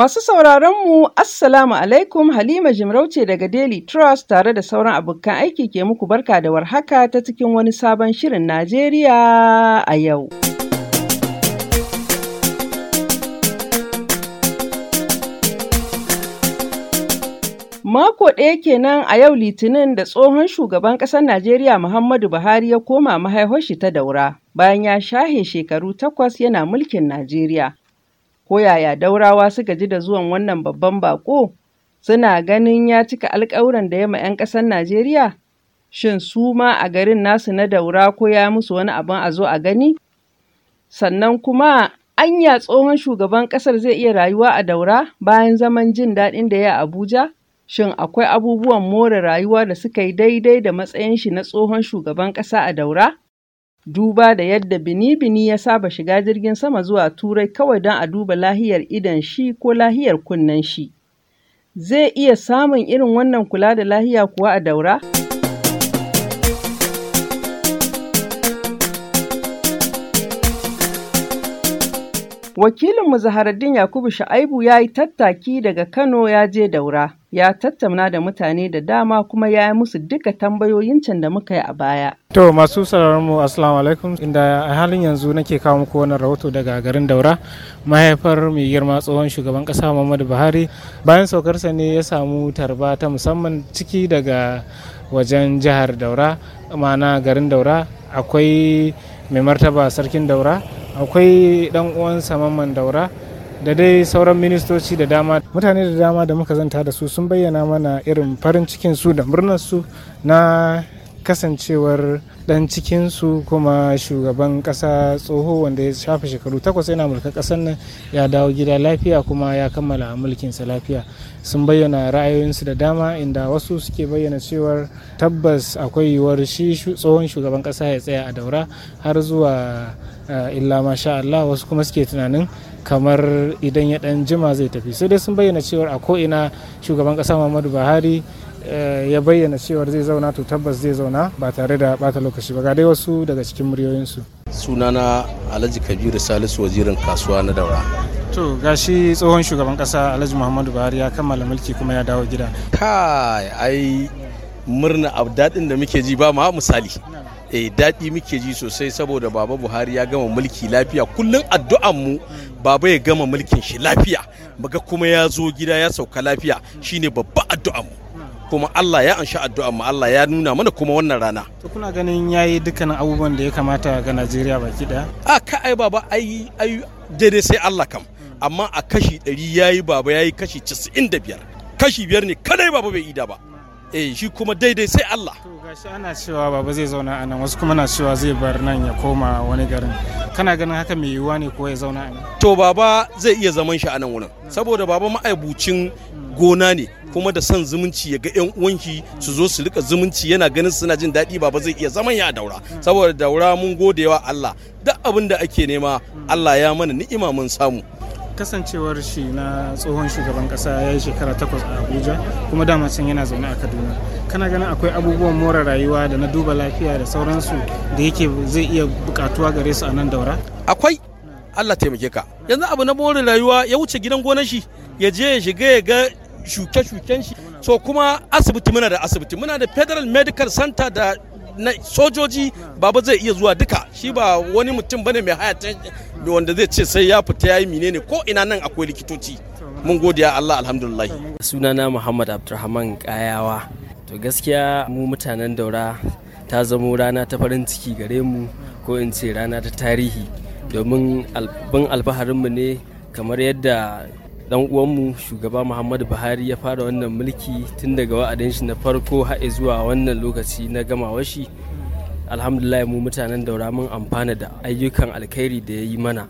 Masu sauraronmu, Assalamu alaikum Halima Jimarauce daga Daily Trust tare da sauran abokan aiki ke muku barka da warhaka ta cikin wani sabon shirin Najeriya a yau. Mako ɗaya kenan a yau Litinin da tsohon shugaban ƙasar Najeriya Muhammadu Buhari ya koma mahaihoshi ta daura bayan ya shahe shekaru takwas yana mulkin Najeriya. Ko yaya Daurawa suka ji da zuwan wannan babban baƙo? Suna ganin ya cika alƙawuran da ya ma 'yan ƙasar Najeriya? Shin su ma a garin nasu na Daura ko ya musu wani abin a zo a gani? Sannan kuma anya tsohon shugaban ƙasar zai iya rayuwa a Daura bayan zaman jin daɗin da ya Abuja? Shin akwai abubuwan more rayuwa da suka yi daidai da matsayin shi na tsohon shugaban ƙasa a Daura? duba da yadda Bini Bini ya saba shiga jirgin sama zuwa Turai kawai don a duba lahiyar idon shi ko lahiyar kunnen shi. Zai iya samun irin wannan kula da lahiya kuwa a Daura? Wakilinmu Zaharaddin Yakubu Sha'aibu ya yi tattaki daga Kano ya je daura, ya tattauna da mutane da dama kuma ya yi musu duka tambayoyin can da muka yi a baya. To masu mu Assalamu alaikum inda a halin yanzu nake kawo muku wannan rahoto daga garin Daura mahaifar mai girma tsohon shugaban kasa Muhammadu Buhari bayan saukarsa ne ya samu tarba ta musamman ciki daga wajen jihar Daura ma'ana garin Daura akwai mai martaba sarkin daura akwai dan uwan saman daura da dai sauran ministoci da dama mutane da dama da muka zanta da su sun bayyana mana irin farin cikin su da murnar su na kasancewar dan cikinsu kuma shugaban kasa tsoho wanda ya shafe shekaru takwas yana mulkar kasar nan ya dawo gida lafiya kuma ya kammala mulkinsa lafiya sun bayyana ra'ayoyinsu da dama inda wasu suke bayyana cewar tabbas akwai yiwuwar shi tsohon shugaban kasa ya tsaya a daura har zuwa eh, illa masha Allah wasu kuma suke tunanin kamar idan ya dan jima zai tafi sai dai sun bayyana cewar a ko'ina shugaban kasa Muhammadu Buhari Eh, ya bayyana cewar zai zauna to tabbas zai zauna ba tare da bata lokaci ba ga dai wasu daga cikin muryoyinsu sunana alhaji kabiru salisu wazirin kasuwa na daura to gashi tsohon shugaban kasa alhaji muhammadu buhari ya kammala mulki kuma ya dawo gida kai ai murna daɗin da muke ji ba ma misali eh daɗi muke ji sosai saboda baba buhari ya gama mulki lafiya kullum addu'an mu baba ya gama mulkin shi lafiya muga kuma ya zo gida ya sauka lafiya shine babba addu'an mu kuma Allah ya ansha addu'a mu Allah ya nuna mana kuma wannan rana to kuna ganin yayi dukkanin abubuwan da ya kamata ga Najeriya baki daya a ka ai baba ai ai daidai sai Allah kam amma a kashi 100 yayi baba yayi kashi 95 kashi biyar ne kadai baba bai ida ba eh shi kuma daidai sai Allah to gashi ana cewa baba zai zauna a nan wasu kuma na cewa zai bar nan ya koma wani garin kana ganin haka mai yiwuwa ne ko ya zauna a nan to baba zai iya zaman shi a nan wurin saboda baba ma'aibucin gona ne kuma da son zumunci ya ga yan uwanki su zo su rika zumunci yana ganin suna jin daɗi baba zai iya zaman ya daura saboda daura mun gode wa Allah duk abin da ake nema Allah ya mana ni'ima mun samu kasancewar shi na tsohon shugaban kasa ya yi shekara takwas a abuja kuma dama can yana zaune a kaduna kana ganin akwai abubuwan more rayuwa da na duba lafiya da sauransu da yake zai iya bukatuwa gare su a nan daura akwai allah taimake ka yanzu abu na more rayuwa ya wuce gidan gonar shi ya je ya shiga ya ga shuke-shuken shi so kuma asibiti muna da asibiti muna da federal medical center da na sojoji baba zai iya zuwa duka shi ba wani mutum bane mai haya wanda zai ce sai ya fita yayi menene ko ina nan akwai likitoci mun godiya Allah alhamdulillah sunana Muhammad Abdulrahman Kayawa to gaskiya mu mutanen daura ta zama rana ta farin ciki gare mu ko in ce rana ta tarihi domin bin alfaharinmu ne kamar yadda dan uwanmu shugaba muhammadu buhari ya fara wannan mulki tun daga wa'adin shi na farko har zuwa wannan lokaci na gamawa shi alhamdulillah mu mutanen daura mun amfana da ayyukan alkhairi da ya yi mana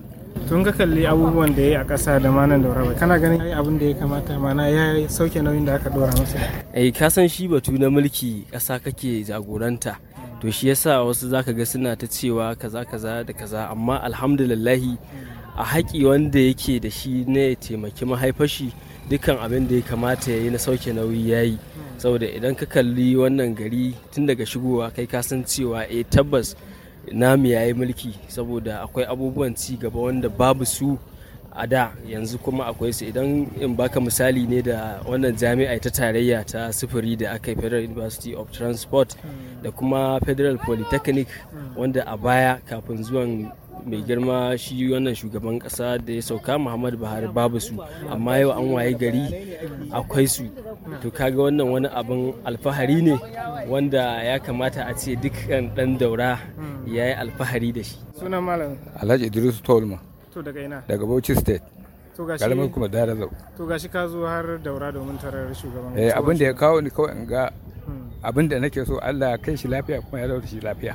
tun ka kalli abubuwan da ya yi a ƙasa da manan daura bai kana ganin ai abin da ya kamata mana ya sauke nauyin da aka dora masa eh ka san shi batu na mulki ƙasa kake jagoranta to shi yasa wasu zaka ga suna ta cewa kaza kaza da kaza amma alhamdulillah. a haƙi wanda yake da shi ne ya taimaki mahaifashi dukkan abin da ya kamata ya yi na sauke nauyi ya yi saboda idan ka kalli wannan gari tun daga shigowa kai ka san cewa eh tabbas namu ya yi mulki saboda akwai abubuwan ci gaba wanda babu su a da yanzu kuma akwai su idan in baka misali ne da wannan jami'a ta tarayya ta sufuri da aka federal university of transport da kuma federal polytechnic wanda a baya kafin zuwan mai girma shi wannan shugaban kasa da ya sauka muhammadu buhari babu su amma yau an waye gari akwai su to kaga wannan wani abin alfahari ne wanda ya kamata a ce dukkan dan daura hmm. ya yi alfahari da shi sunan malam alhaji idris tolma to daga ina daga bauchi state to gashi kuma dara zau to gashi ka zo har daura domin tarar shugaban eh abin da ya kawo ni kawai in ga hmm. abin da nake so Allah kai shi lafiya kuma ya daura shi lafiya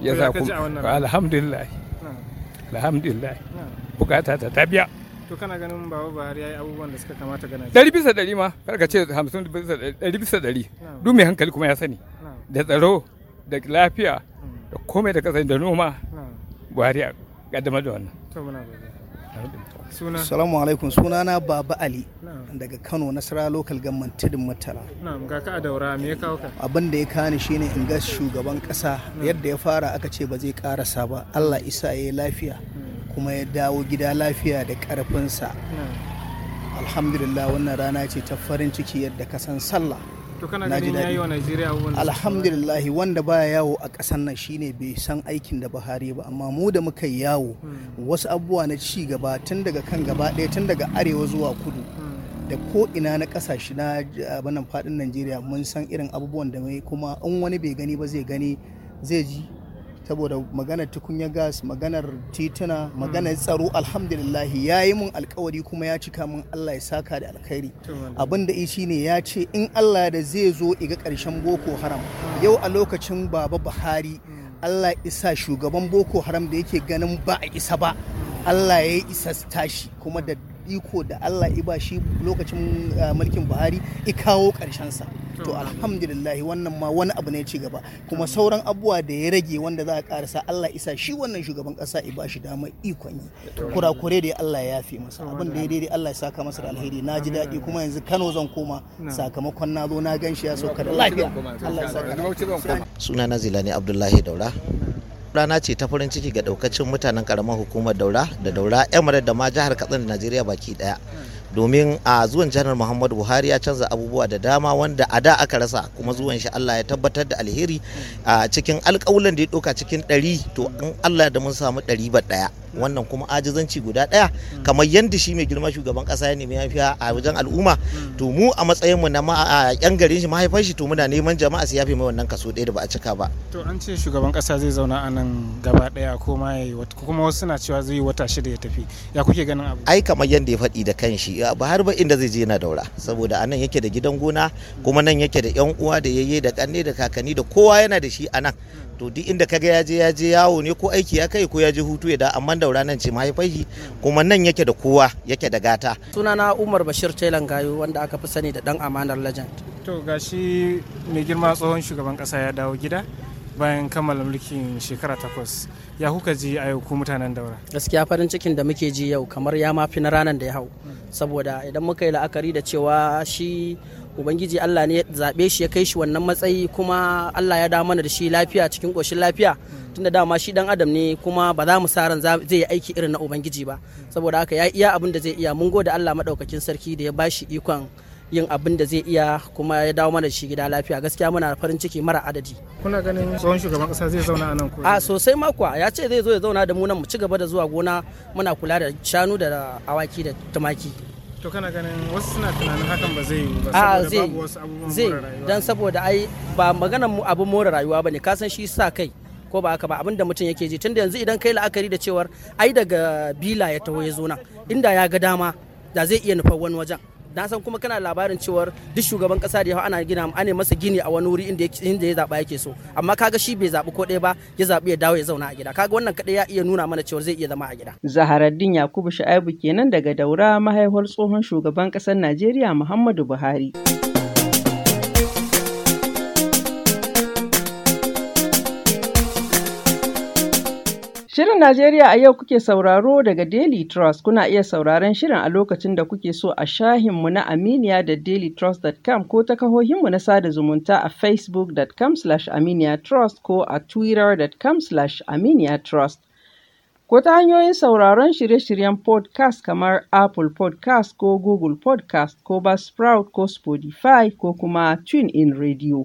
ya sa kuma alhamdulillah alhamdulillah bukata ta tabiya to kana ganin baba buhari yayi abubuwan da suka kamata gana ɗari bisa ɗari ma kar ka ce hamsin ɗari bisa ɗari du mai hankali kuma ya sani da tsaro da lafiya mm. da komai da kasa da noma buhari ya kaddamar da wannan to muna Suna. Salamu alaikum sunana Baba Ali daga Kano Nasara lokal Gamman Tidin Murtala. Na'am ya kawo ka? Abin kani shine in ga shugaban kasa yadda ya fara aka ce ba zai karasa ba. Allah isa ya lafiya kuma ya dawo gida lafiya da karfinsa. Alhamdulillah wannan rana ce ta farin ciki yadda ka san sallah. to kana ganin yayi wa Najeriya alhamdulillah wanda baya yawo a kasan nan shine bai san aikin da Buhari ba amma mu da muka yawo hmm. wasu abubuwa na ci gaba tun daga kan gaba ɗaya tun daga arewa zuwa kudu hmm. da ko ina na kasashe na abanan fadin Najeriya mun san irin abubuwan da mai kuma in wani bai gani ba zai gani zai ji saboda maganar Tukunyar gas maganar tituna hmm. maganar tsaro alhamdulillah ya yi mun alkawari kuma ya cika mun allah ya saka da alkhairi abin da ishi ne ya ce in allah da zai zo iga karshen boko haram hmm. yau a lokacin baba buhari hmm. allah isa shugaban boko haram da yake ganin ba a isa ba allah ya isa tashi kuma da iko da Allah ba shi lokacin mulkin Buhari i kawo sa to alhamdulillah wannan ma wani abu ne ci gaba kuma sauran abubuwa da ya rage wanda za a karasa Allah isa shi wannan shugaban kasa i bashi dama ikon yi kurakure da Allah ya fi masa abin da ya daidai Allah ya saka masa alheri na ji daɗi kuma yanzu Kano zan koma sakamakon na zo na gan shi ya sauka da lafiya Allah ya saka sunana Zilani Abdullahi Daura rana ce ta farin ciki ga daukacin mutanen karamar hukumar daura da daura emirat da ma jihar katsina da najeriya baki daya domin a zuwan janar muhammadu buhari ya canza abubuwa da dama wanda a da aka rasa kuma zuwan shi allah ya tabbatar da alheri a cikin alkawulan da ya doka cikin ɗari to in allah da mun samu ɗari ba ɗaya wannan kuma ajizanci guda ɗaya kamar yadda shi mai girma shugaban ƙasa ya nemi yafiya a wajen al'umma to mu a matsayin mu na yan garin shi mahaifan shi to muna neman jama'a su yafe mai wannan kaso ɗaya da ba a cika ba to an ce shugaban ƙasa zai zauna a nan gaba ɗaya ko ma kuma wasu suna cewa zai yi wata shida ya tafi ya kuke ganin abu ai kamar yadda ya faɗi da kanshi ba har ba inda zai je na daura saboda anan yake da gidan gona kuma nan yake da yan uwa da yayye da kanne da kakanni da kowa yana da shi anan to duk inda kaga ya je ya je yawo ne ko aiki ya kai ko ya je hutu ya da amma daura nan ce mahaifai kuma nan yake da kowa yake da gata sunana Umar Bashir Tailan Gayo wanda aka fi sani da dan amanar legend to gashi mai girma tsohon shugaban kasa ya dawo gida bayan kammala mulkin shekara takwas ya kuka ji a yau ku mutanen daura gaskiya farin cikin da muke ji yau kamar ya mafi na ranar da ya hau saboda idan muka yi la'akari da cewa shi ubangiji Allah ne ya zaɓe shi ya kai shi wannan matsayi kuma Allah ya dawo mana da shi lafiya cikin koshin lafiya tunda dama shi dan adam ne kuma ba za mu sa ran zai yi aiki irin na ubangiji ba saboda haka ya iya abin da zai iya mun gode Allah madaukakin sarki da ya ba shi ikon yin abin da zai iya kuma ya dawo mana shi gida lafiya gaskiya muna farin ciki mara adadi kuna ganin tsohon shugaban kasa zai zauna a nan ko a sosai makwa ya ce zai zo ya zauna da mu nan mu ci gaba da zuwa gona muna kula da shanu da awaki da tumaki to kana ganin wasu suna tunanin hakan ba zai yiwu ba ah, saboda babu wasu abubuwan more rayuwa dan saboda ai ba maganar mu abu more rayuwa bane ka san shi sa kai ko ba haka ba abin da mutum yake ji tunda yanzu idan kai la'akari da cewar ai daga bila ya taho ya zo nan inda ya ga dama da zai iya nufar wani wajen na san kuma kana labarin cewar duk shugaban kasa da yawa ana gina ana masa gini a wani wuri inda ya zaba yake so amma kaga shi bai zabi ko ɗaya ba ya zabi ya dawo ya zauna a gida kaga wannan kadai ya iya nuna mana cewar zai iya zama a gida Zaharaddin Yakubu sha'ibu kenan daga Daura mahaifar tsohon shugaban kasar Najeriya Muhammadu Buhari Shirin Najeriya a yau kuke sauraro daga Daily Trust. Kuna iya sauraron shirin a lokacin da kuke so a shahinmu na Aminiya da dailytrust.com ko ta kahohinmu na sada zumunta a facebook.com slash aminiyatrust ko a twitter.com slash aminiyatrust. Ko ta hanyoyin sauraron shirye-shiryen podcast kamar Apple podcast ko Google podcast ko Buzzsprout ko Spotify ko kuma in Radio.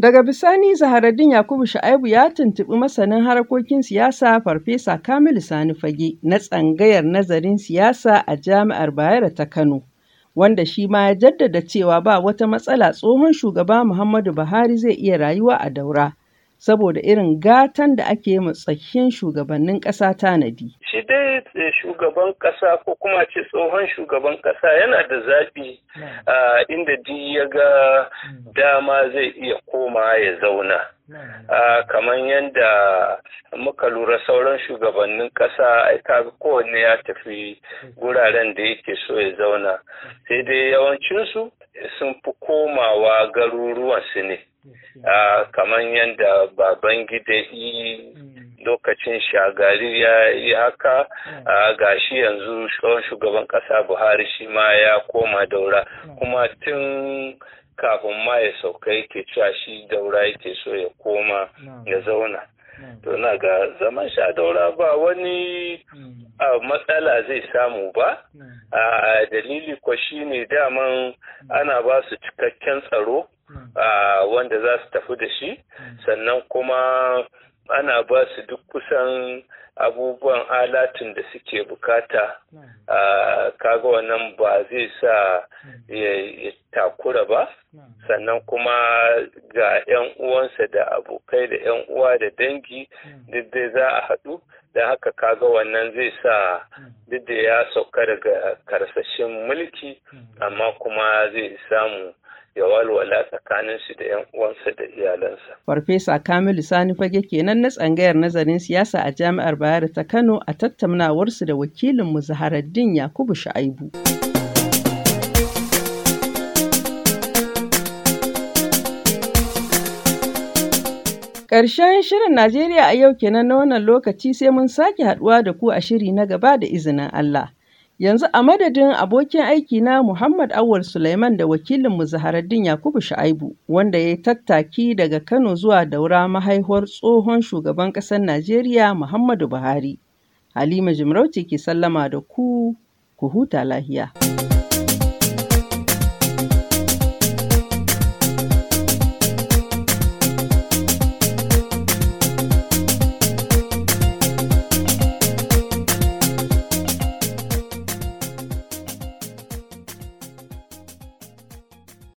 Daga bisani Zaharaddin Yakubu Sha'aibu ya tuntuɓi masanin harkokin siyasa Farfesa Kamilu Sani Fage na tsangayar nazarin siyasa a Jami'ar Bayero ta Kano. Wanda shi ma ya jaddada cewa ba wata matsala tsohon shugaba Muhammadu Buhari zai iya rayuwa a daura, saboda irin gatan da ake yi tsakin shugabannin ƙasa tanadi. Shi dai eh, shugaban ƙasa ko kuma ce tsohon shugaban ƙasa yana da zaɓi ah, inda di ya ga dama zai iya koma ya zauna. Ah, kamar yadda muka lura sauran shugabannin ƙasa kaga kowanne ya tafi guraren da yake so ya zauna sai dai yawancinsu sun fi komawa garuruwansu ne. Ah, kamar yadda baban gida yi mm. lokacin shagari ya yi haka mm. ah, ga shi yanzu shugaban kasa buhari shi ma ya koma daura mm. kuma tun kafin ma ya sauka yake cewa shi daura yake so ya koma ya zauna to na ga zaman sha daura ba wani ah, matsala zai samu ba a dalili kwa shi ne, daman ana ba su cikakken tsaro wanda za su tafi da shi sannan kuma ana ba su duk kusan abubuwan alatin da suke bukata kaga wannan ba zai sa ya takura ba sannan kuma ga 'yan uwansa da abokai da 'yan uwa da dangi duk dai za a haɗu da haka kaga wannan zai sa duk da ya sauka daga karsashin mulki amma kuma zai samu ya walwala tsakanin su da yan uwansa da iyalansa. Farfesa Kamilu Sani Fage kenan na tsangayar nazarin siyasa a Jami'ar Bayero ta Kano a tattaunawarsu da wakilin mu Zaharaddin Yakubu Shu'aibu. Ƙarshen shirin Najeriya a yau kenan na wannan lokaci sai mun sake haɗuwa da ku a shiri na gaba da izinin Allah. Yanzu a madadin abokin aiki na Muhammad Awwal Suleiman da wakilin mu Zaharaddin Yakubu Sha'aibu, wanda ya yi tattaki daga Kano zuwa Daura mahaihuwar tsohon shugaban ƙasar Najeriya Muhammadu Buhari, Halima Jimarauce ke sallama da ku, ku huta lahiya.